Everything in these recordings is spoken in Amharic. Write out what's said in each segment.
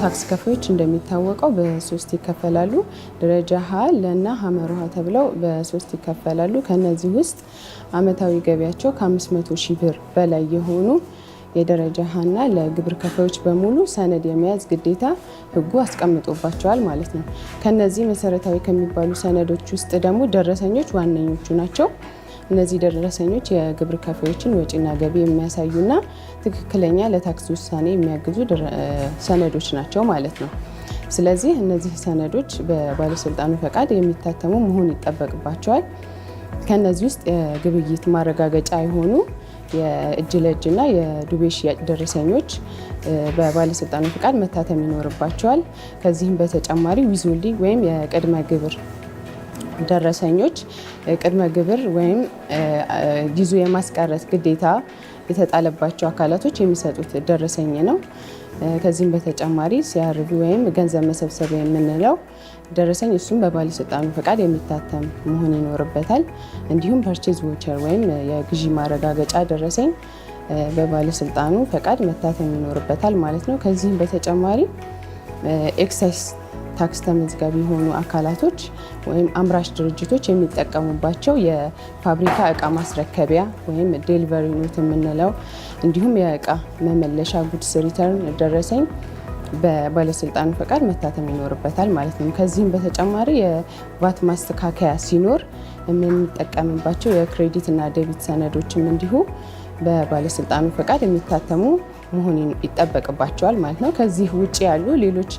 ታክስ ከፋዮች እንደሚታወቀው በሶስት ይከፈላሉ። ደረጃ ሀ፣ ለና ሀመር ሐመር ውሃ ተብለው በሶስት ይከፈላሉ። ከነዚህ ውስጥ አመታዊ ገቢያቸው ከ500 ሺህ ብር በላይ የሆኑ የደረጃ ሀና ለግብር ከፋዮች በሙሉ ሰነድ የመያዝ ግዴታ ህጉ አስቀምጦባቸዋል ማለት ነው። ከነዚህ መሰረታዊ ከሚባሉ ሰነዶች ውስጥ ደግሞ ደረሰኞች ዋነኞቹ ናቸው። እነዚህ ደረሰኞች የግብር ከፋዮችን ወጪና ገቢ የሚያሳዩና ትክክለኛ ለታክስ ውሳኔ የሚያግዙ ሰነዶች ናቸው ማለት ነው። ስለዚህ እነዚህ ሰነዶች በባለስልጣኑ ፈቃድ የሚታተሙ መሆን ይጠበቅባቸዋል። ከእነዚህ ውስጥ የግብይት ማረጋገጫ የሆኑ የእጅ ለእጅና የዱቤ ሽያጭ ደረሰኞች በባለስልጣኑ ፍቃድ መታተም ይኖርባቸዋል። ከዚህም በተጨማሪ ዊዞሊ ወይም የቅድመ ግብር ደረሰኞች ቅድመ ግብር ወይም ይዞ የማስቀረት ግዴታ የተጣለባቸው አካላቶች የሚሰጡት ደረሰኝ ነው። ከዚህም በተጨማሪ ሲያርቢ ወይም ገንዘብ መሰብሰብ የምንለው ደረሰኝ እሱም በባለስልጣኑ ፈቃድ የሚታተም መሆን ይኖርበታል። እንዲሁም ፐርቼዝ ቮቸር ወይም የግዢ ማረጋገጫ ደረሰኝ በባለስልጣኑ ፈቃድ መታተም ይኖርበታል ማለት ነው። ከዚህም በተጨማሪ ኤክሳይዝ ታክስ ተመዝጋቢ የሆኑ አካላቶች ወይም አምራች ድርጅቶች የሚጠቀሙባቸው የፋብሪካ እቃ ማስረከቢያ ወይም ዴሊቨሪ ኖት የምንለው እንዲሁም የእቃ መመለሻ ጉድስ ሪተርን ደረሰኝ በባለስልጣኑ ፈቃድ መታተም ይኖርበታል ማለት ነው። ከዚህም በተጨማሪ የቫት ማስተካከያ ሲኖር የምንጠቀምባቸው የክሬዲት እና ዴቢት ሰነዶችም እንዲሁ በባለስልጣኑ ፈቃድ የሚታተሙ መሆን ይጠበቅባቸዋል ማለት ነው። ከዚህ ውጭ ያሉ ሌሎች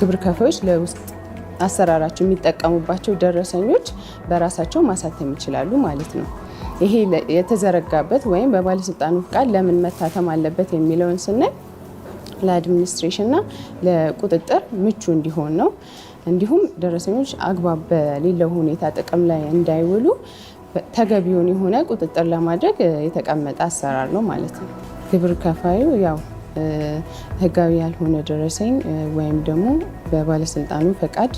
ግብር ከፋዮች ለውስጥ አሰራራቸው የሚጠቀሙባቸው ደረሰኞች በራሳቸው ማሳተም ይችላሉ ማለት ነው። ይሄ የተዘረጋበት ወይም በባለስልጣኑ ፍቃድ ለምን መታተም አለበት የሚለውን ስናይ እና ለቁጥጥር ምቹ እንዲሆን ነው። እንዲሁም ደረሰኞች አግባብ በሌለው ሁኔታ ጥቅም ላይ እንዳይውሉ ተገቢውን የሆነ ቁጥጥር ለማድረግ የተቀመጠ አሰራር ነው ማለት ነው። ግብር ከፋዩ ያው ህጋዊ ያልሆነ ደረሰኝ ወይም ደግሞ በባለስልጣኑ ፈቃድ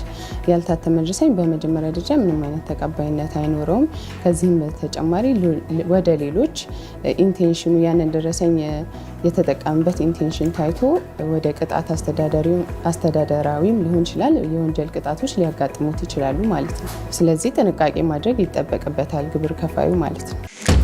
ያልታተመ ደረሰኝ በመጀመሪያ ደረጃ ምንም አይነት ተቀባይነት አይኖረውም። ከዚህም በተጨማሪ ወደ ሌሎች ኢንቴንሽኑ ያንን ደረሰኝ የተጠቀምበት ኢንቴንሽን ታይቶ ወደ ቅጣት አስተዳደራዊም ሊሆን ይችላል የወንጀል ቅጣቶች ሊያጋጥሙት ይችላሉ ማለት ነው። ስለዚህ ጥንቃቄ ማድረግ ይጠበቅበታል ግብር ከፋዩ ማለት ነው።